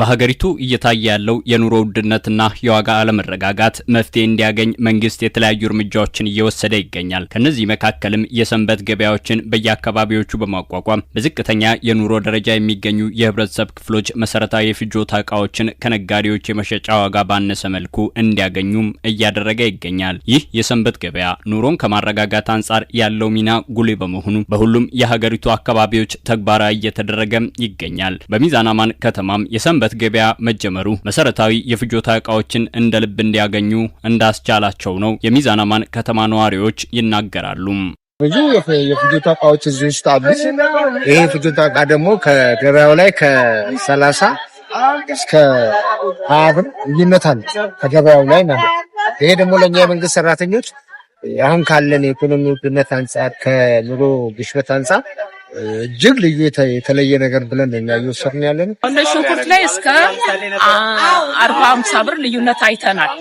በሀገሪቱ እየታየ ያለው የኑሮ ውድነትና የዋጋ አለመረጋጋት መፍትሄ እንዲያገኝ መንግስት የተለያዩ እርምጃዎችን እየወሰደ ይገኛል። ከነዚህ መካከልም የሰንበት ገበያዎችን በየአካባቢዎቹ በማቋቋም በዝቅተኛ የኑሮ ደረጃ የሚገኙ የህብረተሰብ ክፍሎች መሰረታዊ የፍጆታ እቃዎችን ከነጋዴዎች የመሸጫ ዋጋ ባነሰ መልኩ እንዲያገኙም እያደረገ ይገኛል። ይህ የሰንበት ገበያ ኑሮን ከማረጋጋት አንጻር ያለው ሚና ጉልህ በመሆኑ በሁሉም የሀገሪቱ አካባቢዎች ተግባራዊ እየተደረገም ይገኛል። በሚዛን አማን ከተማም የሰንበት የንብረት ገበያ መጀመሩ መሰረታዊ የፍጆታ እቃዎችን እንደ ልብ እንዲያገኙ እንዳስቻላቸው ነው የሚዛን አማን ከተማ ነዋሪዎች ይናገራሉ። ብዙ የፍጆታ እቃዎች እዚህ ውስጥ አሉ። ይህ ፍጆታ እቃ ደግሞ ከገበያው ላይ ከሰላሳ እስከ ሀያ ብር ልዩነት አለ ከገበያው ላይ ማለት። ይሄ ደግሞ ለእኛ የመንግስት ሰራተኞች አሁን ካለን የኢኮኖሚ ውድነት አንጻር ከኑሮ ግሽበት አንጻር እጅግ ልዩ የተለየ ነገር ብለን ለኛ እየወሰድን ያለን ሽንኩርት ላይ እስከ አርባ አምሳ ብር ልዩነት አይተናል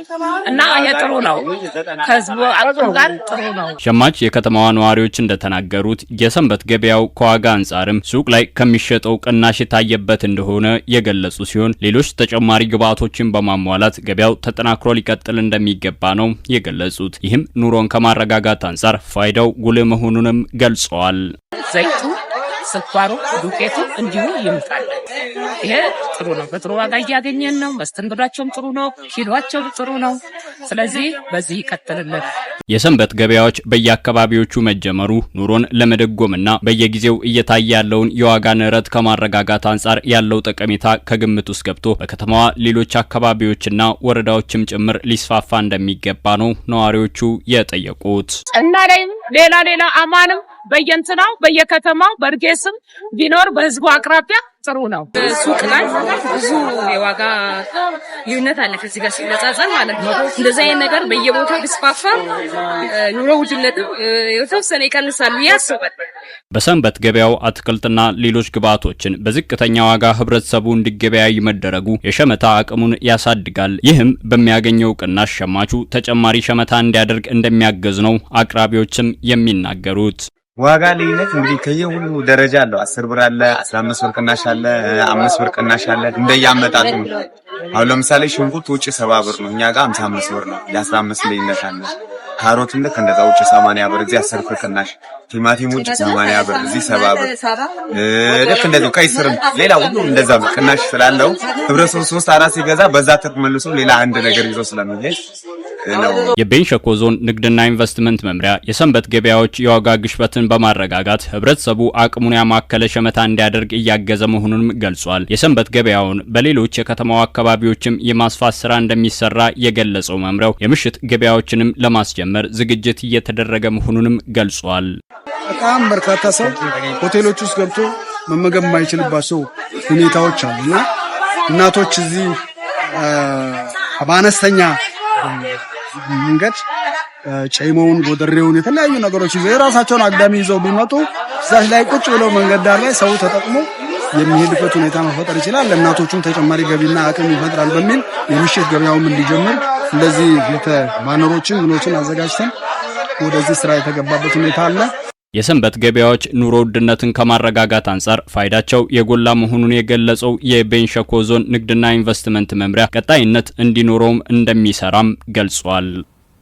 እና ይሄ ጥሩ ነው፣ ከህዝቡ አቅም ጋር ጥሩ ነው። ሸማች የከተማዋ ነዋሪዎች እንደተናገሩት የሰንበት ገበያው ከዋጋ አንጻርም ሱቅ ላይ ከሚሸጠው ቅናሽ የታየበት እንደሆነ የገለጹ ሲሆን ሌሎች ተጨማሪ ግብዓቶችን በማሟላት ገበያው ተጠናክሮ ሊቀጥል እንደሚገባ ነው የገለጹት። ይህም ኑሮን ከማረጋጋት አንጻር ፋይዳው ጉልህ መሆኑንም ገልጸዋል። ዘይቱ ስኳሩ፣ ዱቄቱ እንዲሁ ይምጣለን። ይሄ ጥሩ ነው። በጥሩ ዋጋ እያገኘን ነው። መስተንግዷቸውም ጥሩ ነው። ኪሏቸውም ጥሩ ነው። ስለዚህ በዚህ ይቀጥልልን። የሰንበት ገበያዎች በየአካባቢዎቹ መጀመሩ ኑሮን ለመደጎምና በየጊዜው እየታየ ያለውን የዋጋ ንረት ከማረጋጋት አንጻር ያለው ጠቀሜታ ከግምት ውስጥ ገብቶ በከተማዋ ሌሎች አካባቢዎችና ወረዳዎችም ጭምር ሊስፋፋ እንደሚገባ ነው ነዋሪዎቹ የጠየቁት እና ሌላ ሌላ አማንም በየንትናው በየከተማው በእርጌስም ቢኖር በህዝቡ አቅራቢያ ጥሩ ነው። ሱቅ ላይ ብዙ የዋጋ ልዩነት አለ ከዚህ ጋር ሲነጻጸር ማለት ነው። እንደዚህ አይነት ነገር በየቦታው ቢስፋፋ ኑሮ ውድነትም የተወሰነ ይቀንሳል ብዬ አስባለሁ። በሰንበት ገበያው አትክልትና ሌሎች ግብዓቶችን በዝቅተኛ ዋጋ ህብረተሰቡ እንዲገበያይ መደረጉ የሸመታ አቅሙን ያሳድጋል። ይህም በሚያገኘው ቅናሽ ሸማቹ ተጨማሪ ሸመታ እንዲያደርግ እንደሚያገዝ ነው አቅራቢዎችም የሚናገሩት። ዋጋ ልዩነት እንግዲህ ከየሁሉ ደረጃ አለው። አስር ብር አለ፣ አስራ አምስት ብር ቅናሽ አለ፣ አምስት ብር ቅናሽ አለ። እንደየአመጣጡ ነው። አሁን ለምሳሌ ሽንኩርት ውጭ ሰባ ብር ነው፣ እኛ ጋር አምሳ አምስት ብር ነው። የአስራ አምስት ልዩነት አለ። ካሮትም ልክ እንደዛ ውጭ ሰማንያ ብር እዚህ አስር ብር ቅናሽ፣ ቲማቲም ውጭ ሰማንያ ብር እዚህ ሰባ ብር። ልክ እንደዚህ ቀይ ሌላ ሁሉ እንደዛ ቅናሽ ስላለው ህብረተሰቡ ሶስት አራት ሲገዛ በዛ ትርፍ መልሶ ሌላ አንድ ነገር ይዞ ስለሚሄድ የቤንሸኮ ዞን ንግድና ኢንቨስትመንት መምሪያ የሰንበት ገበያዎች የዋጋ ግሽበትን በማረጋጋት ህብረተሰቡ አቅሙን ያማከለ ሸመታ እንዲያደርግ እያገዘ መሆኑንም ገልጿል። የሰንበት ገበያውን በሌሎች የከተማው አካባቢዎችም የማስፋት ስራ እንደሚሰራ የገለጸው መምሪያው የምሽት ገበያዎችንም ለማስጀመር ዝግጅት እየተደረገ መሆኑንም ገልጿል። በጣም በርካታ ሰው ሆቴሎች ውስጥ ገብቶ መመገብ የማይችልባቸው ሁኔታዎች አሉና እናቶች እዚህ በአነስተኛ መንገድ ጨይሞውን፣ ጎደሬውን የተለያዩ ነገሮች ይዘው የራሳቸውን አግዳሚ ይዘው ቢመጡ እዛች ላይ ቁጭ ብለው መንገድ ዳር ላይ ሰው ተጠቅሞ የሚሄድበት ሁኔታ መፈጠር ይችላል። ለእናቶቹም ተጨማሪ ገቢና አቅም ይፈጥራል በሚል የምሽት ገበያውም እንዲጀምር እንደዚህ ባነሮችን ምኖችን አዘጋጅተን ወደዚህ ስራ የተገባበት ሁኔታ አለ። የሰንበት ገበያዎች ኑሮ ውድነትን ከማረጋጋት አንጻር ፋይዳቸው የጎላ መሆኑን የገለጸው የቤንሸኮ ዞን ንግድና ኢንቨስትመንት መምሪያ ቀጣይነት እንዲኖረውም እንደሚሰራም ገልጿል።